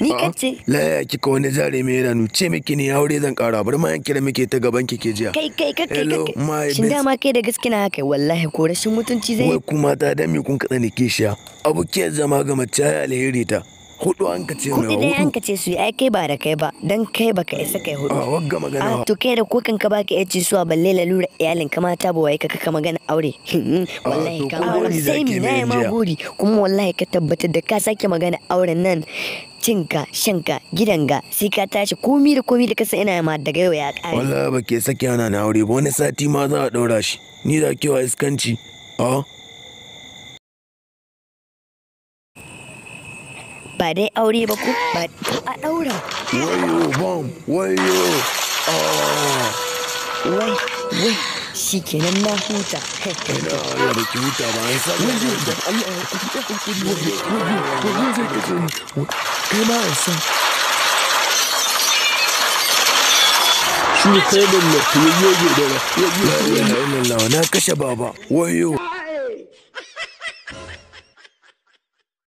ni ce la ki ko wani jari mai ranu nuce miki ni aure zan kara bar ma kira miki ta gaban ki ke jiya kai kai kai kai shin da kai da gaske na kai wallahi ko rashin mutunci zai wai kuma ta da me kun kada ni kishiya ke zama ga mace alheri ta hudu an ka ce hudu dai an ka ce su ai kai ba da kai ba dan kai baka isa kai hudu a wagga magana to kai da kokan ka baka iya ci suwa balle lalura iyalin ka mata ba wai ka kaka magana aure hmm, wallahi ka aure sai mi na ma gori kuma wallahi ka tabbatar da ka sake magana auren nan cinka shanka ga, sai ka tashi komi da komi da kasa ina ma daga yau ya kare wallahi ba ke sake ana na aure ba wani sati ma za a daura shi ni da kewa iskanci a ba dai aure ba ko ba a ɗaura. Wayo bam wayo. Wai wai shi kenan na huta. Ina ya da ki huta ba an samu. Wayo da Allah ya kuɗi kuɗi wayo wayo wayo zai kace ni. Kai ma an san. Shi ne kai da mutum ya yi da na kashe baba wayo.